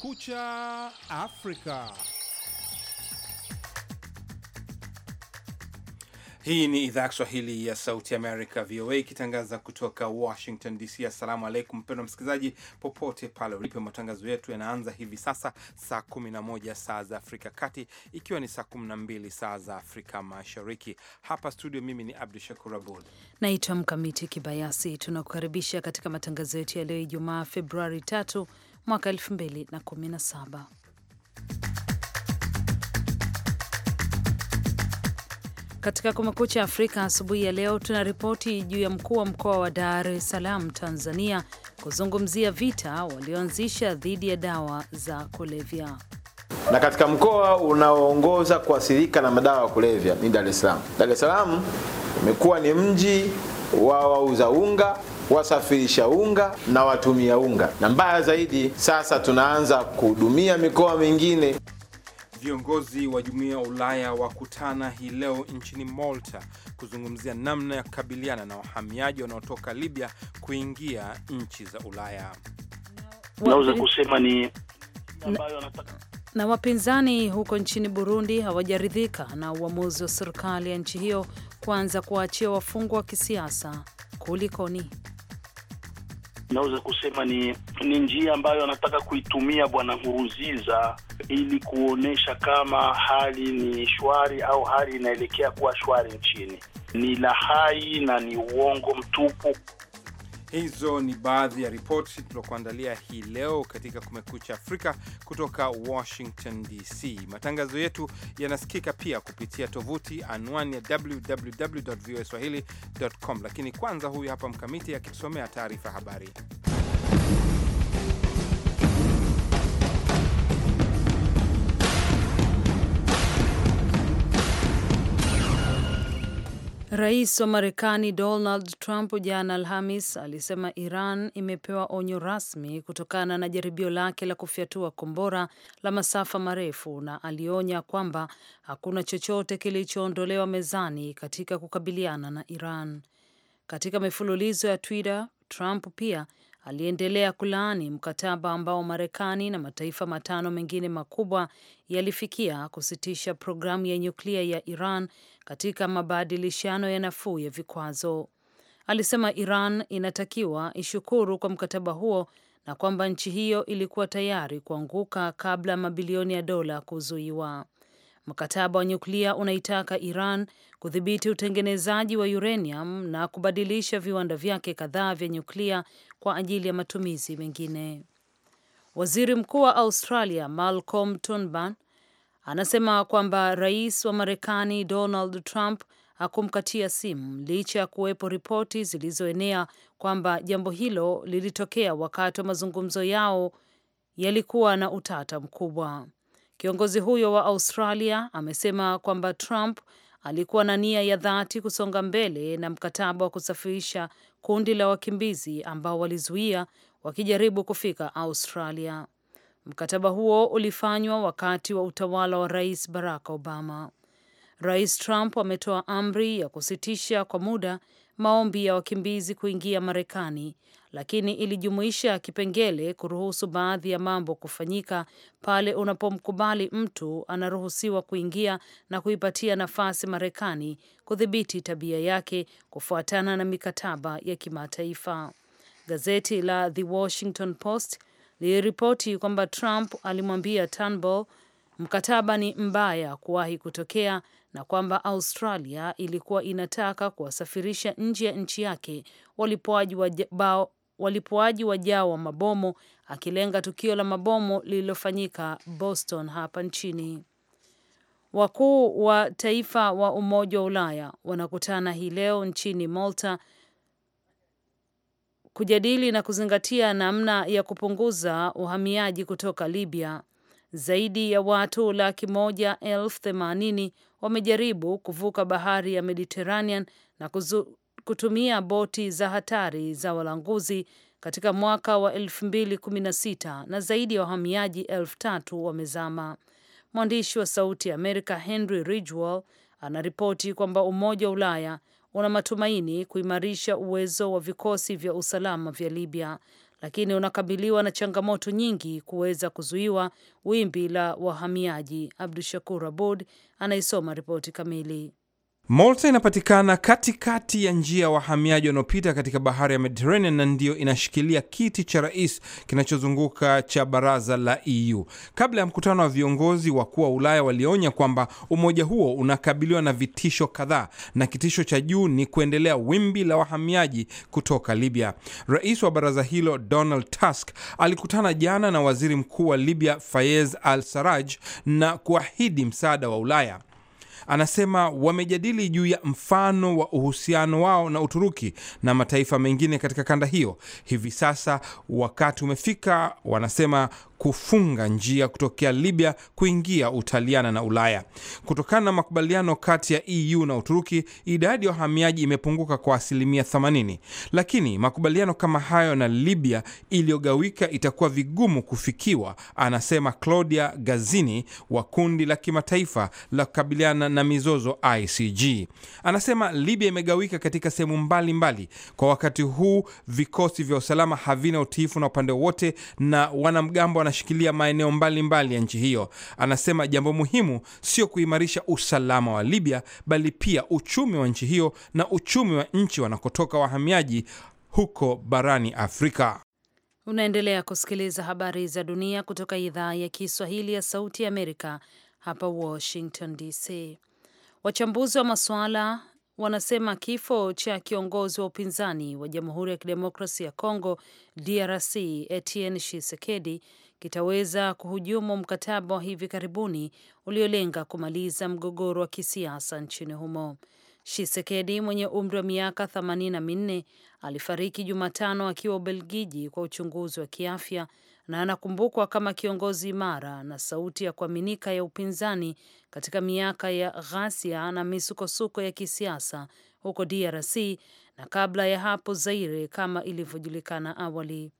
Kumekucha Afrika. Hii ni idhaa ya Kiswahili ya Sauti Amerika, VOA, ikitangaza kutoka Washington DC. Assalamu alaikum, mpendwa msikilizaji, popote pale ulipo. Matangazo yetu yanaanza hivi sasa saa 11 saa za Afrika Kati, ikiwa ni saa 12 saa za Afrika Mashariki. Hapa studio, mimi ni Abdu Shakur Abud naitwa Mkamiti Kibayasi. Tunakukaribisha katika matangazo yetu ya leo Ijumaa, Februari 3 mwaka 2017. Katika Kumekucha Afrika asubuhi ya leo, tuna ripoti juu ya mkuu wa mkoa wa Dar es Salaam, Tanzania, kuzungumzia vita walioanzisha dhidi ya dawa za kulevya na katika mkoa unaoongoza kuathirika na madawa ya kulevya ni Dar es Salaam. Dar es Salaam imekuwa ni mji wa wauza unga wasafirisha unga na watumia unga, na mbaya zaidi sasa tunaanza kuhudumia mikoa mingine. Viongozi wa Jumuiya ya Ulaya wakutana hii leo nchini Malta kuzungumzia namna ya kukabiliana na wahamiaji wanaotoka Libya kuingia nchi za Ulaya. Naweza kusema ni ambayo anataka na wapinzani huko nchini Burundi hawajaridhika na uamuzi wa serikali ya nchi hiyo kuanza kuwaachia wafungwa wa kisiasa. Kulikoni? naweza kusema ni, ni njia ambayo anataka kuitumia Bwana Nkurunziza ili kuonyesha kama hali ni shwari au hali inaelekea kuwa shwari nchini. Ni lahai na ni uongo mtupu. Hizo ni baadhi ya ripoti tulokuandalia hii leo katika Kumekucha Afrika kutoka Washington DC. Matangazo yetu yanasikika pia kupitia tovuti anwani ya www voa swahili com, lakini kwanza, huyu hapa Mkamiti akitusomea taarifa habari. Rais wa Marekani Donald Trump jana Alhamis alisema Iran imepewa onyo rasmi kutokana na jaribio lake la kufyatua kombora la masafa marefu, na alionya kwamba hakuna chochote kilichoondolewa mezani katika kukabiliana na Iran. Katika mifululizo ya Twitter, Trump pia aliendelea kulaani mkataba ambao Marekani na mataifa matano mengine makubwa yalifikia kusitisha programu ya nyuklia ya Iran katika mabadilishano ya nafuu ya vikwazo. Alisema Iran inatakiwa ishukuru kwa mkataba huo na kwamba nchi hiyo ilikuwa tayari kuanguka kabla ya mabilioni ya dola kuzuiwa. Mkataba wa nyuklia unaitaka Iran kudhibiti utengenezaji wa uranium na kubadilisha viwanda vyake kadhaa vya nyuklia kwa ajili ya matumizi mengine. Waziri Mkuu wa Australia Malcolm Turnbull anasema kwamba rais wa Marekani Donald Trump hakumkatia simu licha ya kuwepo ripoti zilizoenea kwamba jambo hilo lilitokea wakati wa mazungumzo yao yalikuwa na utata mkubwa. Kiongozi huyo wa Australia amesema kwamba Trump alikuwa na nia ya dhati kusonga mbele na mkataba wa kusafirisha kundi la wakimbizi ambao walizuia wakijaribu kufika Australia. Mkataba huo ulifanywa wakati wa utawala wa Rais Barack Obama. Rais Trump ametoa amri ya kusitisha kwa muda maombi ya wakimbizi kuingia Marekani, lakini ilijumuisha kipengele kuruhusu baadhi ya mambo kufanyika pale unapomkubali mtu anaruhusiwa kuingia na kuipatia nafasi Marekani kudhibiti tabia yake kufuatana na mikataba ya kimataifa. Gazeti la The Washington Post liliripoti kwamba Trump alimwambia Turnbull mkataba ni mbaya kuwahi kutokea na kwamba Australia ilikuwa inataka kuwasafirisha nje ya nchi yake walipoaji wajao wa mabomu, akilenga tukio la mabomu lililofanyika Boston hapa nchini. Wakuu wa taifa wa Umoja wa Ulaya wanakutana hii leo nchini Malta kujadili na kuzingatia namna ya kupunguza uhamiaji kutoka Libya. Zaidi ya watu laki moja elfu themanini wamejaribu kuvuka bahari ya Mediterranean na kuzu, kutumia boti za hatari za walanguzi katika mwaka wa 2016 na zaidi ya wahamiaji elfu tatu wamezama. Mwandishi wa Sauti ya Amerika Henry Ridgwell anaripoti kwamba Umoja wa Ulaya una matumaini kuimarisha uwezo wa vikosi vya usalama vya Libya, lakini unakabiliwa na changamoto nyingi kuweza kuzuiwa wimbi la wahamiaji. Abdu Shakur Abud anaisoma ripoti kamili. Malta inapatikana katikati ya njia ya wahamiaji wanaopita katika bahari ya Mediterranean na ndiyo inashikilia kiti cha rais kinachozunguka cha baraza la EU. Kabla ya mkutano wa viongozi wakuu wa Ulaya walionya kwamba umoja huo unakabiliwa na vitisho kadhaa, na kitisho cha juu ni kuendelea wimbi la wahamiaji kutoka Libya. Rais wa baraza hilo Donald Tusk alikutana jana na waziri mkuu wa Libya Fayez al-Sarraj na kuahidi msaada wa Ulaya. Anasema wamejadili juu ya mfano wa uhusiano wao na Uturuki na mataifa mengine katika kanda hiyo. Hivi sasa wakati umefika, wanasema kufunga njia kutokea Libya kuingia Utaliana na Ulaya. Kutokana na makubaliano kati ya EU na Uturuki, idadi ya wahamiaji imepunguka kwa asilimia 80, lakini makubaliano kama hayo na Libya iliyogawika itakuwa vigumu kufikiwa, anasema Claudia Gazini wa kundi la kimataifa la kukabiliana na mizozo ICG. Anasema Libya imegawika katika sehemu mbalimbali. Kwa wakati huu vikosi vya usalama havina utiifu na upande wote na wanamgambo wanashikilia maeneo mbalimbali ya nchi hiyo. Anasema jambo muhimu sio kuimarisha usalama wa Libya, bali pia uchumi wa nchi hiyo na uchumi wa nchi wanakotoka wahamiaji huko barani Afrika. Unaendelea kusikiliza habari za dunia kutoka idhaa ya Kiswahili ya Sauti ya Amerika hapa Washington DC. Wachambuzi wa masuala wanasema kifo cha kiongozi wa upinzani wa Jamhuri ya Kidemokrasi ya Kongo DRC Etienne Tshisekedi kitaweza kuhujumu mkataba wa hivi karibuni uliolenga kumaliza mgogoro wa kisiasa nchini humo. Shisekedi mwenye umri wa miaka themanini na minne alifariki Jumatano akiwa Ubelgiji kwa uchunguzi wa kiafya na anakumbukwa kama kiongozi imara na sauti ya kuaminika ya upinzani katika miaka ya ghasia na misukosuko ya kisiasa huko DRC na kabla ya hapo Zaire kama ilivyojulikana awali.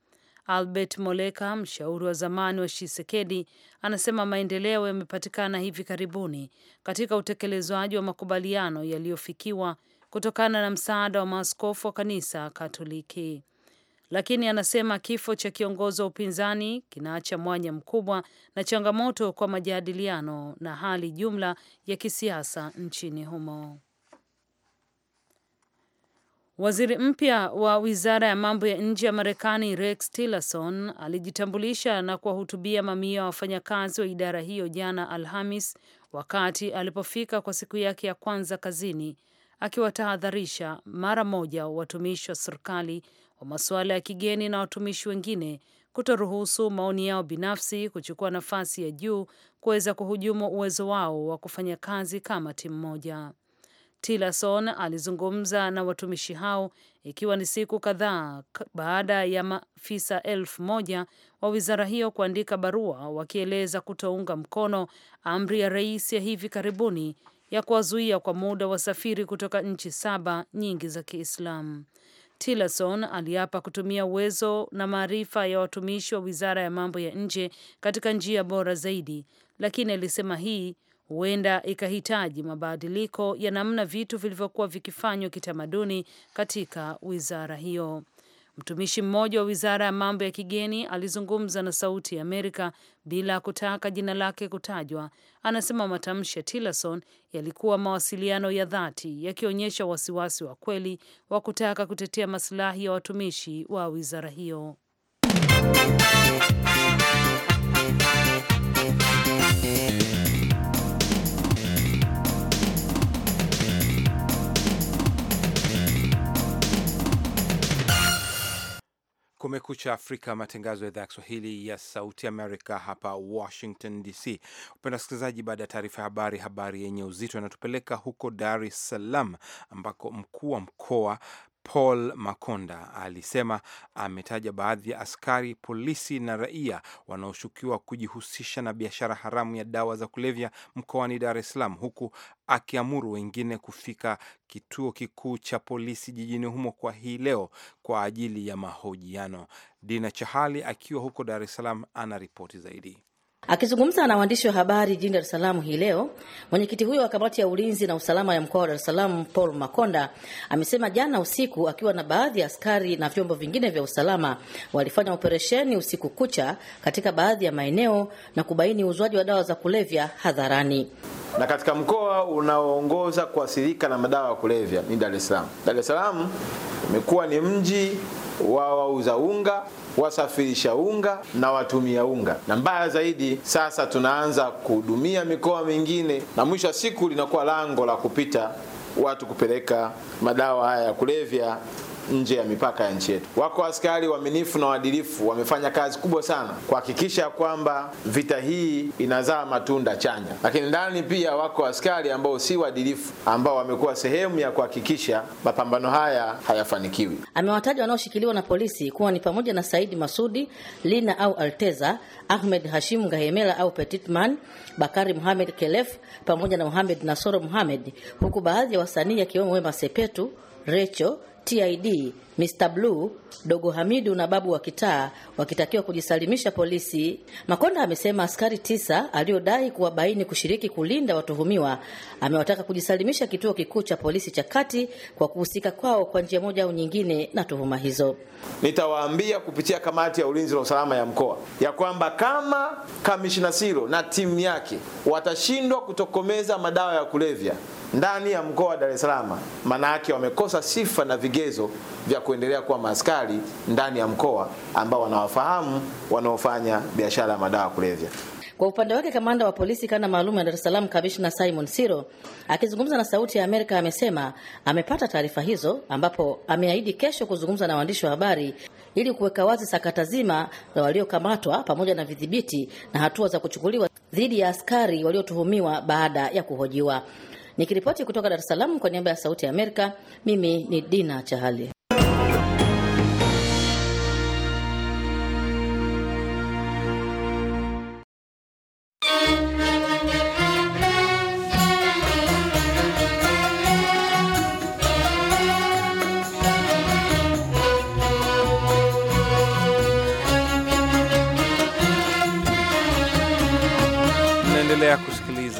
Albert Moleka, mshauri wa zamani wa Shisekedi, anasema maendeleo yamepatikana hivi karibuni katika utekelezwaji wa makubaliano yaliyofikiwa kutokana na msaada wa maaskofu wa kanisa Katoliki, lakini anasema kifo cha kiongozi wa upinzani kinaacha mwanya mkubwa na changamoto kwa majadiliano na hali jumla ya kisiasa nchini humo. Waziri mpya wa wizara ya mambo ya nje ya Marekani Rex Tillerson alijitambulisha na kuwahutubia mamia ya wafanyakazi wa idara hiyo jana Alhamis wakati alipofika kwa siku yake ya kwanza kazini, akiwatahadharisha mara moja watumishi wa serikali wa masuala ya kigeni na watumishi wengine kutoruhusu maoni yao binafsi kuchukua nafasi ya juu kuweza kuhujumu uwezo wao wa kufanya kazi kama timu moja. Tillerson alizungumza na watumishi hao ikiwa ni siku kadhaa baada ya maafisa elfu moja wa wizara hiyo kuandika barua wakieleza kutounga mkono amri ya rais ya hivi karibuni ya kuwazuia kwa muda wasafiri kutoka nchi saba nyingi za Kiislamu. Tillerson aliapa kutumia uwezo na maarifa ya watumishi wa wizara ya mambo ya nje katika njia bora zaidi, lakini alisema hii huenda ikahitaji mabadiliko ya namna vitu vilivyokuwa vikifanywa kitamaduni katika wizara hiyo. Mtumishi mmoja wa wizara ya mambo ya kigeni alizungumza na Sauti ya Amerika bila kutaka jina lake kutajwa. Anasema matamshi ya Tillerson yalikuwa mawasiliano ya dhati, yakionyesha wasiwasi wa kweli wa kutaka kutetea masilahi ya watumishi wa wizara hiyo. Kumekucha Afrika, matangazo ya idhaa ya Kiswahili ya Sauti Amerika hapa Washington DC. Upenda wasikilizaji, baada ya taarifa ya habari, habari yenye uzito inatupeleka huko Dar es Salaam ambako mkuu wa mkoa Paul Makonda alisema ametaja baadhi ya askari polisi na raia wanaoshukiwa kujihusisha na biashara haramu ya dawa za kulevya mkoani Dar es Salaam, huku akiamuru wengine kufika kituo kikuu cha polisi jijini humo kwa hii leo kwa ajili ya mahojiano. Dina Chahali akiwa huko Dar es Salaam ana ripoti zaidi. Akizungumza na waandishi wa habari jijini Dar es Salaam hii leo, mwenyekiti huyo wa kamati ya ulinzi na usalama ya mkoa wa Dar es Salaam Paul Makonda amesema jana usiku akiwa na baadhi ya askari na vyombo vingine vya usalama walifanya operesheni usiku kucha katika baadhi ya maeneo na kubaini uuzwaji wa dawa za kulevya hadharani. Na katika mkoa unaoongoza kuathirika na madawa ya kulevya ni Dar es Salaam. Dar es Salaam umekuwa ni mji wa wauza unga wasafirisha unga na watumia unga, na mbaya zaidi sasa tunaanza kuhudumia mikoa mingine, na mwisho wa siku linakuwa lango la kupita watu kupeleka madawa haya ya kulevya nje ya mipaka ya nchi yetu. Wako askari waaminifu na waadilifu, wamefanya kazi kubwa sana kuhakikisha kwamba vita hii inazaa matunda chanya, lakini ndani pia wako askari ambao si waadilifu, ambao wamekuwa sehemu ya kuhakikisha mapambano haya hayafanikiwi. Amewataja wanaoshikiliwa na polisi kuwa ni pamoja na Saidi Masudi Lina au Alteza, Ahmed Hashim Ngahemela au Petitman, Bakari Muhamed Kelef pamoja na Muhamed Nasoro Muhamed, huku baadhi ya wasanii akiwemo Wema Sepetu, Recho TID, Mr Blue, Dogo Hamidu na Babu wa Kitaa wakitakiwa kujisalimisha polisi. Makonda amesema askari tisa aliyodai kuwabaini kushiriki kulinda watuhumiwa amewataka kujisalimisha kituo kikuu cha polisi cha kati kwa kuhusika kwao kwa njia moja au nyingine na tuhuma hizo. Nitawaambia kupitia kamati ya ulinzi na usalama ya mkoa ya kwamba kama kamishina Silo na timu yake watashindwa kutokomeza madawa ya kulevya ndani ya mkoa wa Dar es Salaam, maana yake wamekosa sifa na vigezo vya kuendelea kuwa maaskari ndani ya mkoa ambao wanawafahamu wanaofanya biashara ya madawa kulevya. Kwa upande wake kamanda wa polisi kanda maalum ya Dar es Salaam kamishna Simon Siro akizungumza na Sauti ya Amerika amesema amepata taarifa hizo, ambapo ameahidi kesho kuzungumza na waandishi wa habari ili kuweka wazi sakata zima la waliokamatwa pamoja na vidhibiti na hatua za kuchukuliwa dhidi ya askari waliotuhumiwa baada ya kuhojiwa. Nikiripoti kutoka Dar es Salaam kwa niaba ya Sauti ya Amerika, mimi ni Dina Chahali.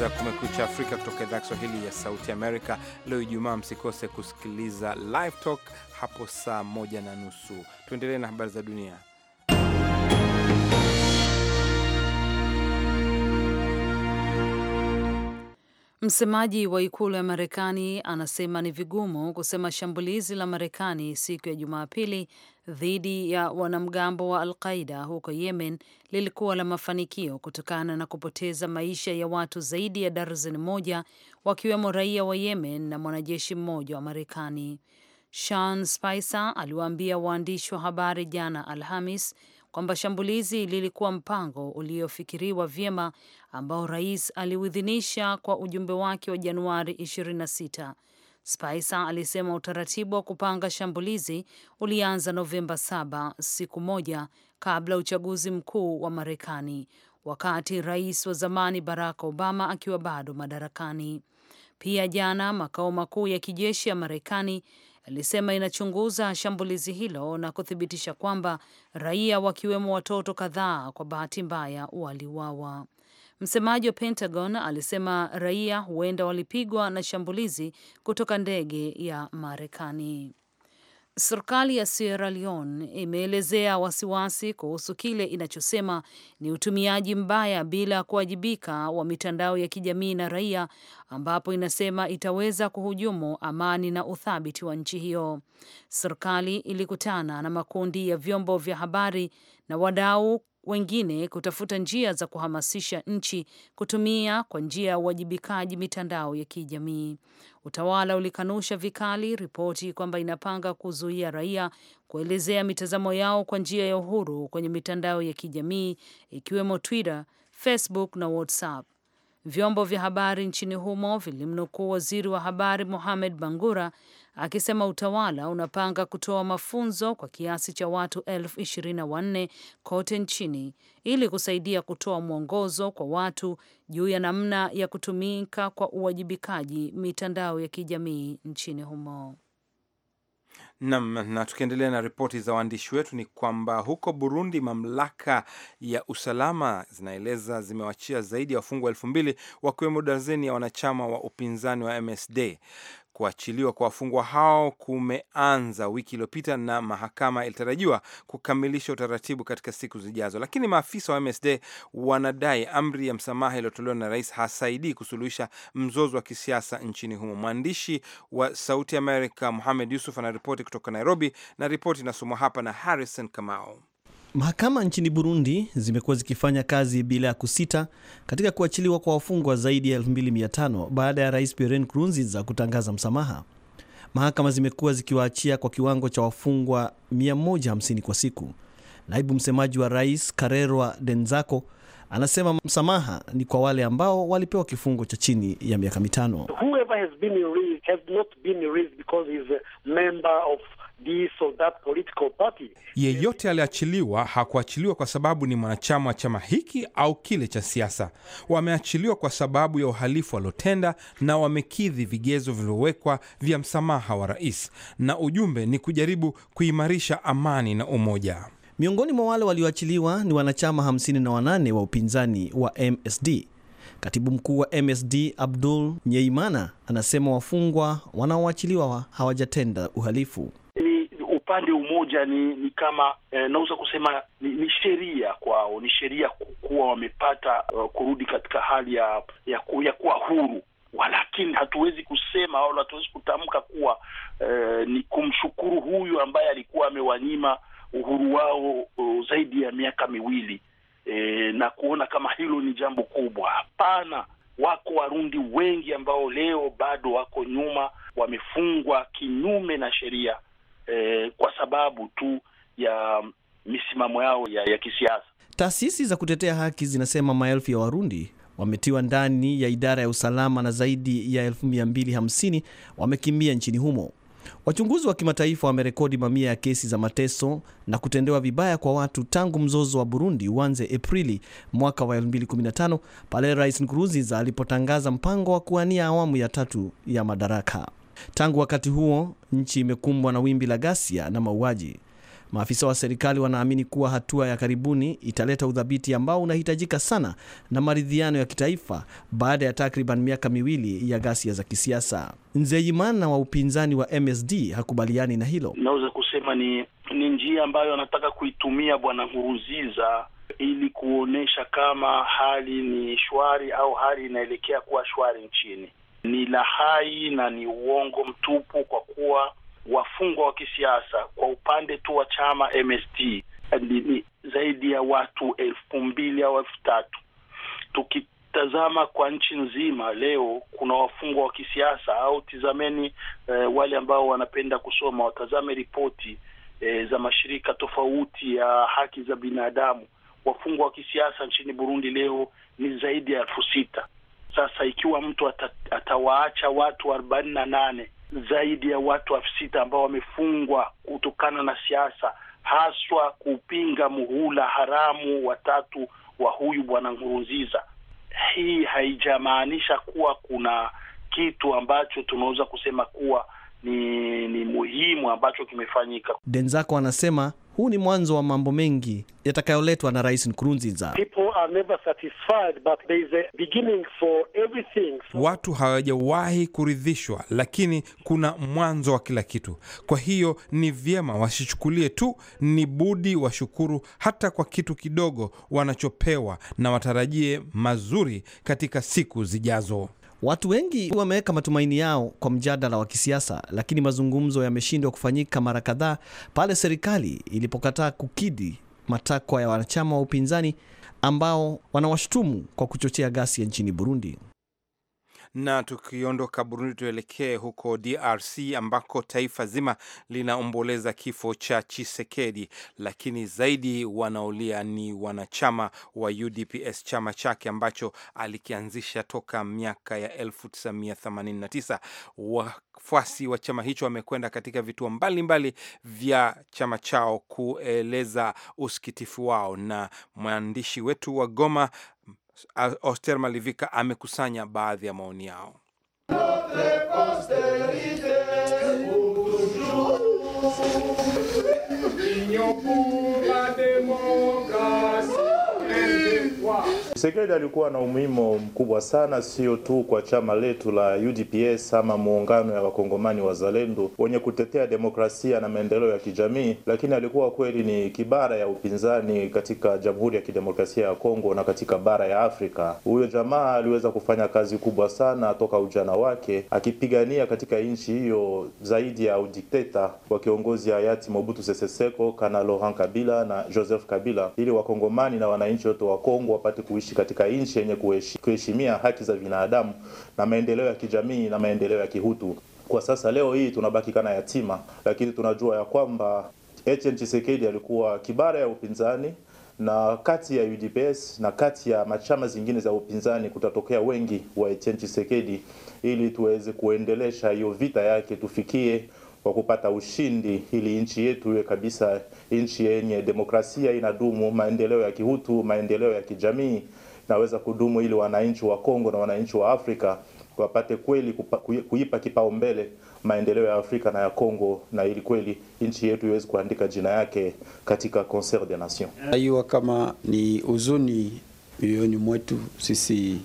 ya Kumekucha Afrika kutoka idhaa Kiswahili ya Sauti Amerika. Leo Ijumaa, msikose kusikiliza Live Talk hapo saa moja na nusu. Tuendelee na habari za dunia. Msemaji wa ikulu ya Marekani anasema ni vigumu kusema shambulizi la Marekani siku ya Jumapili dhidi ya wanamgambo wa Alqaida huko Yemen lilikuwa la mafanikio kutokana na kupoteza maisha ya watu zaidi ya darzeni moja wakiwemo raia wa Yemen na mwanajeshi mmoja wa Marekani. Sean Spicer aliwaambia waandishi wa habari jana Alhamis kwamba shambulizi lilikuwa mpango uliofikiriwa vyema ambao rais aliuidhinisha kwa ujumbe wake wa Januari Spicer alisema utaratibu wa kupanga shambulizi ulianza Novemba 7, siku moja kabla uchaguzi mkuu wa Marekani, wakati rais wa zamani Barack Obama akiwa bado madarakani. Pia jana, makao makuu ya kijeshi ya Marekani alisema inachunguza shambulizi hilo na kuthibitisha kwamba raia wakiwemo watoto kadhaa kwa bahati mbaya waliuawa. Msemaji wa Pentagon alisema raia huenda walipigwa na shambulizi kutoka ndege ya Marekani. Serikali ya Sierra Leone imeelezea wasiwasi kuhusu kile inachosema ni utumiaji mbaya bila kuwajibika wa mitandao ya kijamii na raia, ambapo inasema itaweza kuhujumu amani na uthabiti wa nchi hiyo. Serikali ilikutana na makundi ya vyombo vya habari na wadau wengine kutafuta njia za kuhamasisha nchi kutumia kwa njia ya uwajibikaji mitandao ya kijamii. Utawala ulikanusha vikali ripoti kwamba inapanga kuzuia raia kuelezea mitazamo yao kwa njia ya uhuru kwenye mitandao ya kijamii ikiwemo Twitter, Facebook na WhatsApp. Vyombo vya habari nchini humo vilimnukuu waziri wa habari Mohamed Bangura akisema utawala unapanga kutoa mafunzo kwa kiasi cha watu elfu ishirini na kote nchini ili kusaidia kutoa mwongozo kwa watu juu ya namna ya kutumika kwa uwajibikaji mitandao ya kijamii nchini humo. Nam, na tukiendelea na ripoti za waandishi wetu ni kwamba huko Burundi mamlaka ya usalama zinaeleza zimewachia zaidi ya wafungwa elfu mbili wakiwemo darzeni ya wanachama wa upinzani wa MSD Kuachiliwa kwa wafungwa hao kumeanza wiki iliyopita na mahakama ilitarajiwa kukamilisha utaratibu katika siku zijazo, lakini maafisa wa MSD wanadai amri ya msamaha iliyotolewa na rais hasaidii kusuluhisha mzozo wa kisiasa nchini humo. Mwandishi wa Sauti Amerika Muhamed Yusuf anaripoti kutoka Nairobi na ripoti inasomwa hapa na Harrison Kamao. Mahakama nchini Burundi zimekuwa zikifanya kazi bila ya kusita katika kuachiliwa kwa wafungwa zaidi ya 25 baada ya Rais crunzi za kutangaza msamaha. Mahakama zimekuwa zikiwaachia kwa kiwango cha wafungwa 150 kwa siku. Naibu msemaji wa Rais Karerwa Denzako anasema msamaha ni kwa wale ambao walipewa kifungo cha chini ya miaka mitano. Yeyote aliachiliwa hakuachiliwa kwa sababu ni mwanachama wa chama hiki au kile cha siasa. Wameachiliwa kwa sababu ya uhalifu waliotenda na wamekidhi vigezo vilivyowekwa vya msamaha wa rais, na ujumbe ni kujaribu kuimarisha amani na umoja. Miongoni mwa wale walioachiliwa ni wanachama 58 wa upinzani wa MSD. Katibu mkuu wa MSD Abdul Nyeimana anasema wafungwa wanaoachiliwa hawajatenda uhalifu upande umoja ni ni kama eh, naweza kusema ni, ni sheria kwao, ni sheria kuwa wamepata uh, kurudi katika hali ya ya, ku, ya kuwa huru walakini hatuwezi kusema au hatuwezi kutamka kuwa eh, ni kumshukuru huyu ambaye alikuwa amewanyima uhuru wao uh, zaidi ya miaka miwili eh, na kuona kama hilo ni jambo kubwa. Hapana, wako Warundi wengi ambao leo bado wako nyuma, wamefungwa kinyume na sheria eh, kwa sababu tu ya misimamo yao ya, ya kisiasa. Taasisi za kutetea haki zinasema maelfu ya Warundi wametiwa ndani ya idara ya usalama na zaidi ya elfu mia mbili hamsini wamekimbia nchini humo. Wachunguzi wa kimataifa wamerekodi mamia ya kesi za mateso na kutendewa vibaya kwa watu tangu mzozo wa Burundi uanze Aprili mwaka wa 2015 pale Rais Nkurunziza alipotangaza mpango wa kuwania awamu ya tatu ya madaraka. Tangu wakati huo, nchi imekumbwa na wimbi la ghasia na mauaji. Maafisa wa serikali wanaamini kuwa hatua ya karibuni italeta udhabiti ambao unahitajika sana na maridhiano ya kitaifa baada ya takriban miaka miwili ya ghasia za kisiasa. Nzeyimana wa upinzani wa MSD hakubaliani na hilo. Naweza kusema ni, ni njia ambayo anataka kuitumia Bwana Nkurunziza ili kuonyesha kama hali ni shwari au hali inaelekea kuwa shwari nchini ni lahai na ni uongo mtupu, kwa kuwa wafungwa wa kisiasa kwa upande tu wa chama MSD ni zaidi ya watu elfu mbili au elfu tatu. Tukitazama kwa nchi nzima leo kuna wafungwa wa kisiasa au tizameni, eh, wale ambao wanapenda kusoma watazame ripoti eh, za mashirika tofauti ya haki za binadamu. Wafungwa wa kisiasa nchini Burundi leo ni zaidi ya elfu sita sasa, ikiwa mtu ata, atawaacha watu arobaini na nane zaidi ya watu elfu sita ambao wamefungwa kutokana na siasa, haswa kupinga muhula haramu watatu wa huyu bwana Nkurunziza. Hii haijamaanisha kuwa kuna kitu ambacho tunaweza kusema kuwa ni, ni muhimu ambacho kimefanyika. Denzako anasema huu ni mwanzo wa mambo mengi yatakayoletwa na Rais Nkurunziza. Watu hawajawahi kuridhishwa, lakini kuna mwanzo wa kila kitu. Kwa hiyo ni vyema wasichukulie tu ni budi washukuru hata kwa kitu kidogo wanachopewa, na watarajie mazuri katika siku zijazo. Watu wengi wameweka matumaini yao kwa mjadala wa kisiasa, lakini mazungumzo yameshindwa kufanyika mara kadhaa pale serikali ilipokataa kukidhi matakwa ya wanachama wa upinzani ambao wanawashutumu kwa kuchochea ghasia nchini Burundi. Na tukiondoka Burundi, tuelekee huko DRC ambako taifa zima linaomboleza kifo cha Chisekedi, lakini zaidi wanaolia ni wanachama wa UDPS, chama chake ambacho alikianzisha toka miaka ya 1989. Wafuasi wa chama hicho wamekwenda katika vituo mbalimbali vya chama chao kueleza usikitifu wao, na mwandishi wetu wa Goma Oster Malivika amekusanya baadhi ya maoni yao. Sekeli alikuwa na umuhimu mkubwa sana, sio tu kwa chama letu la UDPS ama muungano ya wakongomani wazalendo wenye kutetea demokrasia na maendeleo ya kijamii, lakini alikuwa kweli ni kibara ya upinzani katika Jamhuri ya Kidemokrasia ya Kongo na katika bara ya Afrika. Huyo jamaa aliweza kufanya kazi kubwa sana toka ujana wake akipigania katika nchi hiyo zaidi ya udikteta wa kiongozi hayati Mobutu Sese Seko, kana Laurent Kabila na Joseph Kabila, ili wakongomani na wananchi wote wa Kongo wapate kuishi kuishi katika nchi yenye kuheshimia haki za binadamu na maendeleo ya kijamii na maendeleo ya kihutu. Kwa sasa leo hii tunabaki kana yatima, lakini tunajua ya kwamba Etienne Tshisekedi alikuwa kibara ya upinzani na kati ya UDPS na kati ya machama zingine za upinzani kutatokea wengi wa Etienne Tshisekedi, ili tuweze kuendelesha hiyo vita yake tufikie kwa kupata ushindi, ili nchi yetu iwe kabisa nchi yenye demokrasia inadumu, maendeleo ya kihutu, maendeleo ya kijamii naweza kudumu ili wananchi wa Kongo na wananchi wa Afrika wapate kweli kupa, kuipa kipaumbele maendeleo ya Afrika na ya Kongo na ili kweli nchi yetu iweze kuandika jina yake katika concert des nations. Aiwa, kama ni uzuni mioyoni mwetu sisi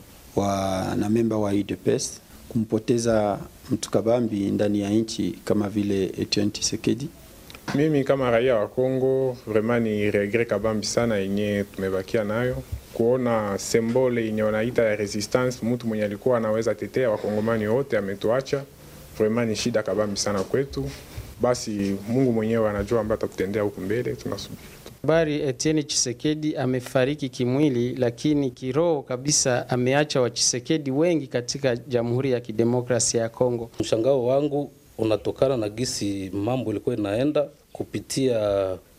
memba wa UDPS kumpoteza mtu kabambi ndani ya nchi kama vile Etienne Tshisekedi. Mimi kama raia wa Kongo vraiment ni regret kabambi sana yenye tumebakia nayo kuona sembole yenye wanaita ya resistance, mtu mwenye alikuwa anaweza tetea wakongomani wote ametuacha. Vraiment ni shida kabambi sana kwetu. Basi Mungu mwenyewe anajua ambaye atakutendea huku mbele, tunasubiri. Habari Etienne Chisekedi amefariki kimwili, lakini kiroho kabisa ameacha Wachisekedi wengi katika Jamhuri ya Kidemokrasia ya Kongo. Mshangao wangu unatokana na gisi mambo ilikuwa inaenda kupitia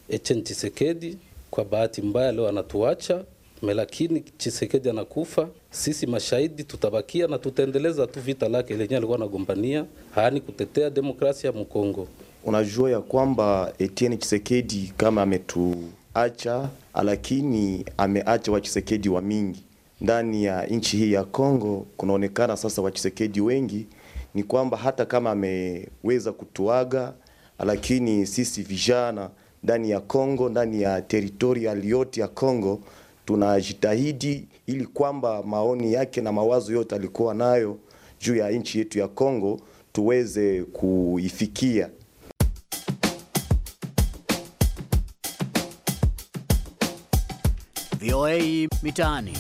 Etienne Chisekedi. Kwa bahati mbaya leo anatuacha melakini Chisekedi anakufa, sisi mashahidi tutabakia na tutaendeleza tu vita lake lenye alikuwa anagombania, haani kutetea demokrasia ya Mkongo. Unajua ya kwamba Etienne Chisekedi kama ametuacha, lakini ameacha wachisekedi wa mingi ndani ya nchi hii ya Kongo. Kunaonekana sasa wachisekedi wengi ni kwamba hata kama ameweza kutuaga, lakini sisi vijana ndani ya Kongo, ndani ya teritorial yote ya Kongo tunajitahidi ili kwamba maoni yake na mawazo yote alikuwa nayo juu ya nchi yetu ya Kongo tuweze kuifikia. VOA mitaani.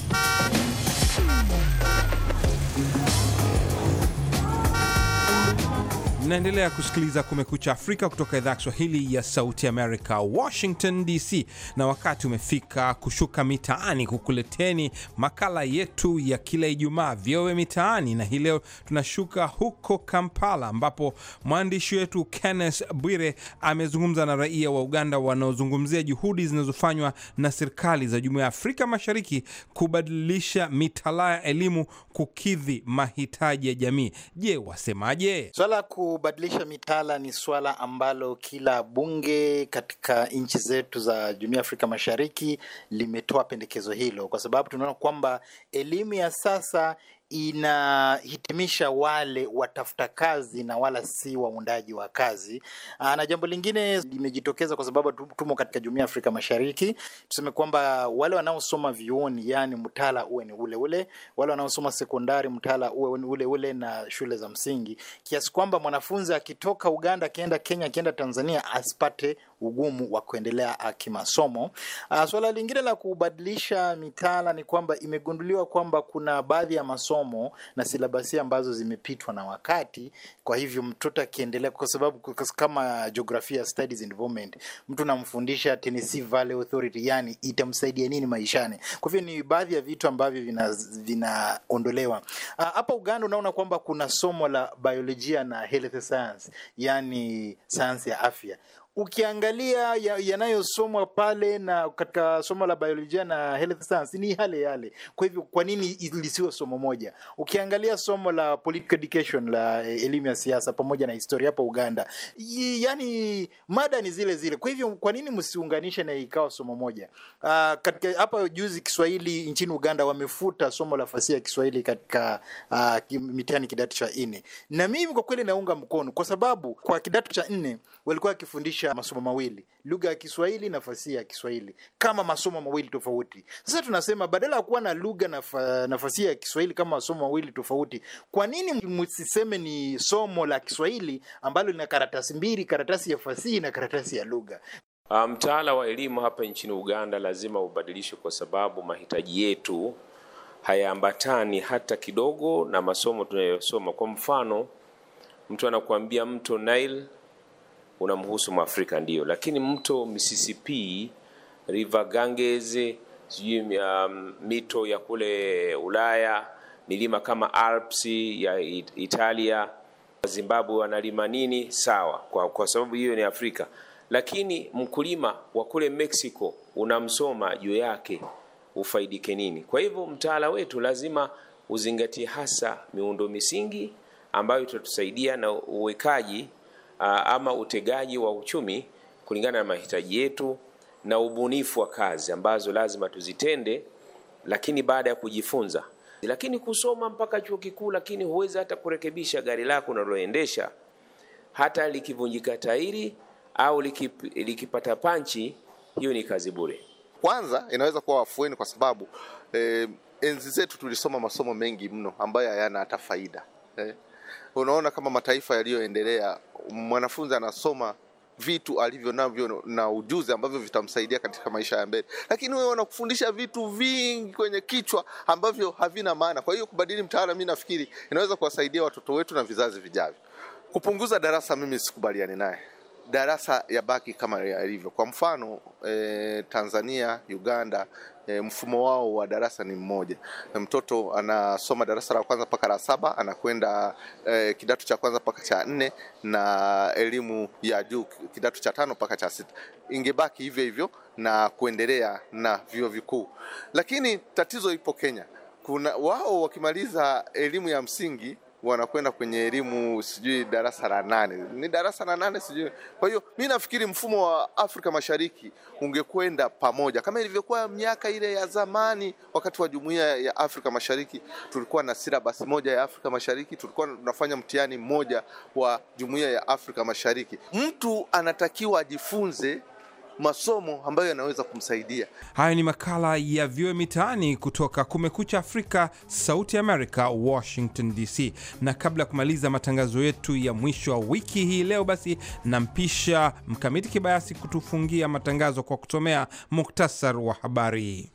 Mnaendelea kusikiliza Kumekucha Afrika kutoka idhaa ya Kiswahili ya Sauti Amerika, Washington DC, na wakati umefika kushuka mitaani kukuleteni makala yetu ya kila Ijumaa, vyowe mitaani, na hii leo tunashuka huko Kampala, ambapo mwandishi wetu kennes Bwire amezungumza na raia wa Uganda wanaozungumzia juhudi zinazofanywa na serikali za Jumuiya ya Afrika Mashariki kubadilisha mitalaa ya elimu kukidhi mahitaji ya jamii. Je, wasemaje? Swala ku kubadilisha mitaala ni swala ambalo kila bunge katika nchi zetu za Jumuiya ya Afrika Mashariki limetoa pendekezo hilo, kwa sababu tunaona kwamba elimu ya sasa inahitimisha wale watafuta kazi na wala si waundaji wa kazi. Aa, ah, na jambo lingine limejitokeza kwa sababu tumo katika jumuiya ya Afrika Mashariki, tuseme kwamba wale wanaosoma vyuoni, yani mtaala uwe ni ule ule, wale wanaosoma sekondari mtaala uwe ni ule ule na shule za msingi, kiasi kwamba mwanafunzi akitoka Uganda akienda Kenya akienda Tanzania asipate ugumu wa kuendelea ah, kimasomo. Ah, suala lingine la kubadilisha mitaala ni kwamba imegunduliwa kwamba kuna baadhi ya masomo na silabasi ambazo zimepitwa na wakati. Kwa hivyo mtoto akiendelea, kwa sababu kama geography studies and development, mtu namfundisha Tennessee Valley Authority, yani itamsaidia nini maishani? Kwa hivyo ni baadhi ya vitu ambavyo vinaondolewa vina ah, hapa. Uganda unaona kwamba kuna somo la biolojia na health science, yani sayansi ya afya ukiangalia yanayosomwa ya pale na katika somo la biolojia na health science ni yale yale. Kwa hivyo kwa nini lisiwe somo moja? Ukiangalia somo la political education la eh, elimu ya siasa pamoja na historia hapa Uganda, yani mada ni zile zile. Kwa hivyo kwa nini msiunganishe na ikawa somo moja? Uh, katika hapa juzi Kiswahili nchini Uganda wamefuta somo la fasihi ya Kiswahili katika uh, ah, mitihani kidato cha nne, na mimi kwa kweli naunga mkono kwa sababu kwa kidato cha nne walikuwa wakifundisha kufundisha masomo mawili, lugha ya Kiswahili na fasihi ya Kiswahili kama masomo mawili tofauti. Sasa tunasema badala ya kuwa na lugha na, fa, na fasihi ya Kiswahili kama masomo mawili tofauti, kwa nini msiseme ni somo la Kiswahili ambalo lina karatasi mbili, karatasi ya fasihi na karatasi ya lugha? Ah, mtaala um, wa elimu hapa nchini Uganda lazima ubadilishwe kwa sababu mahitaji yetu hayaambatani hata kidogo na masomo tunayosoma. Kwa mfano, mtu anakuambia mto Nile unamhusu Mwafrika ndio, lakini mto Mississippi, River Ganges, sijui um, mito ya kule Ulaya, milima kama Alps ya Italia, Zimbabwe wanalima nini? Sawa, kwa, kwa sababu hiyo ni Afrika, lakini mkulima wa kule Mexico unamsoma juu yake ufaidike nini? Kwa hivyo mtaala wetu lazima uzingatie hasa miundo misingi ambayo itatusaidia na uwekaji ama utegaji wa uchumi kulingana na mahitaji yetu na ubunifu wa kazi ambazo lazima tuzitende, lakini baada ya kujifunza. Lakini kusoma mpaka chuo kikuu, lakini huwezi hata kurekebisha gari lako unaloendesha, hata likivunjika tairi au likip, likipata panchi, hiyo ni kazi bure. Kwanza inaweza kuwa wafueni kwa sababu eh, enzi zetu tulisoma masomo mengi mno ambayo hayana hata faida eh unaona kama mataifa yaliyoendelea mwanafunzi anasoma vitu alivyo navyo na ujuzi ambavyo vitamsaidia katika maisha ya mbele, lakini wewe wanakufundisha vitu vingi kwenye kichwa ambavyo havina maana. Kwa hiyo kubadili mtaala, mimi nafikiri inaweza kuwasaidia watoto wetu na vizazi vijavyo. Kupunguza darasa, mimi sikubaliani naye darasa ya baki kama yalivyo. Kwa mfano e, Tanzania, Uganda e, mfumo wao wa darasa ni mmoja. Mtoto anasoma darasa la kwanza mpaka la saba, anakwenda e, kidato cha kwanza mpaka cha nne na elimu ya juu kidato cha tano mpaka cha sita. Ingebaki hivyo hivyo na kuendelea na vyuo vikuu, lakini tatizo ipo Kenya. Kuna wao wakimaliza elimu ya msingi wanakwenda kwenye elimu sijui darasa la nane ni darasa la nane sijui. Kwa hiyo mi nafikiri mfumo wa Afrika Mashariki ungekwenda pamoja kama ilivyokuwa miaka ile ya zamani, wakati wa jumuiya ya Afrika Mashariki tulikuwa na silabasi moja ya Afrika Mashariki, tulikuwa tunafanya mtihani mmoja wa jumuiya ya Afrika Mashariki. Mtu anatakiwa ajifunze masomo ambayo yanaweza kumsaidia. Hayo ni makala ya Vyoe Mitaani kutoka Kumekucha Afrika, Sauti america Washington DC. Na kabla ya kumaliza matangazo yetu ya mwisho wa wiki hii leo, basi nampisha Mkamiti Kibayasi kutufungia matangazo kwa kusomea muktasar wa habari. hii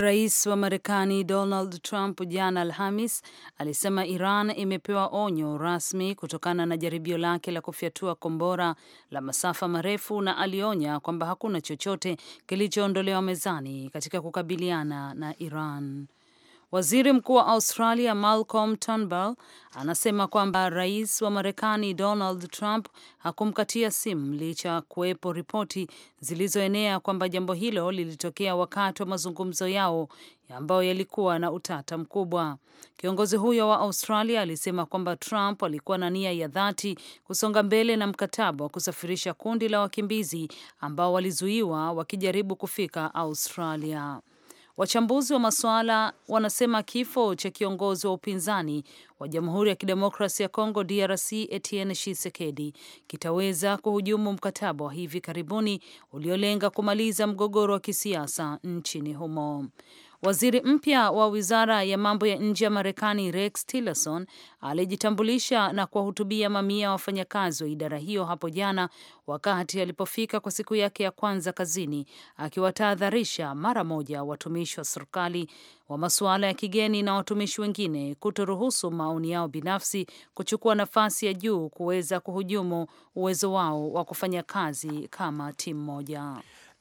Rais wa Marekani Donald Trump jana Alhamis alisema Iran imepewa onyo rasmi kutokana na jaribio lake la kufyatua kombora la masafa marefu, na alionya kwamba hakuna chochote kilichoondolewa mezani katika kukabiliana na Iran. Waziri Mkuu wa Australia Malcolm Turnbull anasema kwamba rais wa Marekani Donald Trump hakumkatia simu licha kuwepo ripoti zilizoenea kwamba jambo hilo lilitokea wakati wa mazungumzo yao ambayo yalikuwa na utata mkubwa. Kiongozi huyo wa Australia alisema kwamba Trump alikuwa na nia ya dhati kusonga mbele na mkataba wa kusafirisha kundi la wakimbizi ambao walizuiwa wakijaribu kufika Australia. Wachambuzi wa masuala wanasema kifo cha kiongozi wa upinzani wa Jamhuri ya Kidemokrasia ya Kongo DRC Etienne Tshisekedi kitaweza kuhujumu mkataba wa hivi karibuni uliolenga kumaliza mgogoro wa kisiasa nchini humo. Waziri mpya wa wizara ya mambo ya nje ya Marekani, Rex Tillerson, alijitambulisha na kuwahutubia mamia ya wafanyakazi wa idara hiyo hapo jana, wakati alipofika kwa siku yake ya kwanza kazini, akiwatahadharisha mara moja watumishi wa serikali wa masuala ya kigeni na watumishi wengine kutoruhusu maoni yao binafsi kuchukua nafasi ya juu kuweza kuhujumu uwezo wao wa kufanya kazi kama timu moja.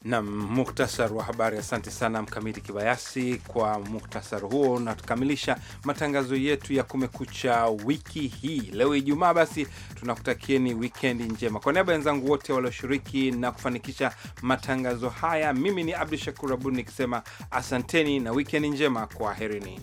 Nam muktasar wa habari. Asante sana Mkamiti Kibayasi kwa muktasar huo. unakamilisha matangazo yetu ya Kumekucha wiki hii leo Ijumaa. Basi tunakutakieni wikendi njema. Kwa niaba ya wenzangu wote walioshiriki na kufanikisha matangazo haya, mimi ni Abdu Shakur Abud nikisema asanteni na wikendi njema, kwaherini.